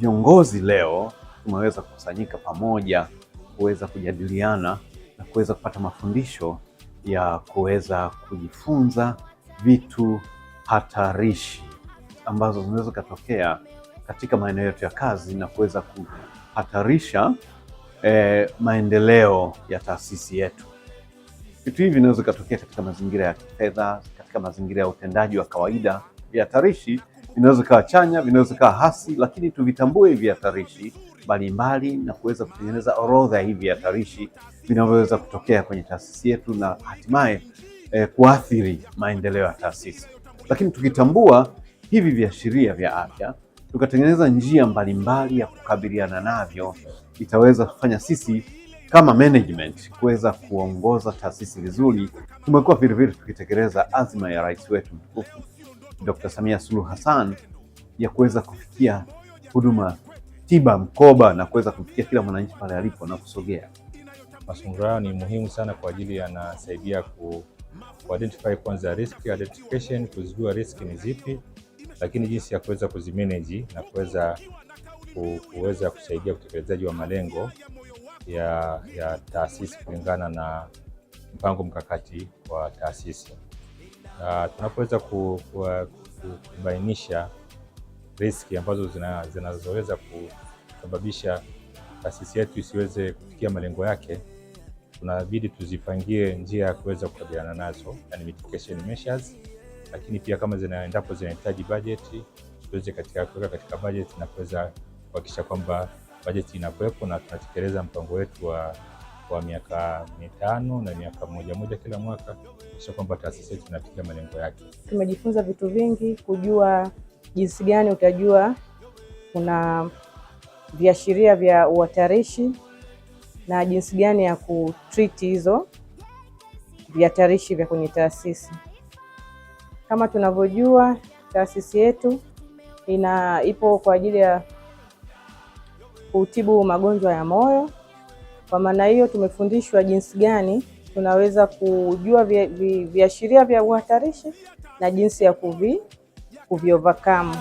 Viongozi leo tumeweza kukusanyika pamoja kuweza kujadiliana na kuweza kupata mafundisho ya kuweza kujifunza vitu hatarishi ambazo zinaweza kutokea katika maeneo yetu ya kazi na kuweza kuhatarisha eh, maendeleo ya taasisi yetu. Vitu hivi vinaweza kutokea katika mazingira ya kifedha, katika mazingira ya utendaji wa kawaida, vihatarishi vinaweza kawa chanya, vinaweza kawa hasi, lakini tuvitambue hivi hatarishi mbalimbali na kuweza kutengeneza orodha ya hivi hatarishi vinavyoweza kutokea kwenye taasisi yetu na hatimaye eh, kuathiri maendeleo ya taasisi. Lakini tukitambua hivi viashiria vya afya, tukatengeneza njia mbalimbali ya kukabiliana navyo, itaweza kufanya sisi kama management kuweza kuongoza taasisi vizuri. Tumekuwa vilevile tukitekeleza azma ya rais wetu mtukufu Dr. Samia Suluhu Hassan ya kuweza kufikia huduma tiba mkoba na kuweza kufikia kila mwananchi pale alipo na kusogea. Masungulo hayo ni muhimu sana kwa ajili yanasaidia ku, ku identify kwanza risk identification, kuzijua risk ni zipi, lakini jinsi ya kuweza kuzimanage na kuweza kuweza kusaidia utekelezaji wa malengo ya, ya taasisi kulingana na mpango mkakati wa taasisi uh, tunapoweza kubainisha riski ambazo zinazoweza zina kusababisha taasisi yetu isiweze kufikia malengo yake, tunabidi tuzipangie njia ya kuweza kukabiliana nazo, yani mitigation measures, lakini pia kama zinaendapo zinahitaji bajeti tuweze katika kuweka katika bajeti na kuweza kuhakikisha kwamba bajeti inakuwepo na tunatekeleza mpango wetu wa kwa miaka mitano na miaka moja moja kila mwaka, kisha kwamba taasisi yetu inafikia malengo yake. Tumejifunza vitu vingi, kujua jinsi gani utajua kuna viashiria vya uhatarishi na jinsi gani ya kutriti hizo vihatarishi vya kwenye taasisi. Kama tunavyojua taasisi yetu ina ipo kwa ajili ya kutibu magonjwa ya moyo kwa maana hiyo tumefundishwa jinsi gani tunaweza kujua viashiria vya uhatarishi na jinsi ya kuvi, kuvi overcome.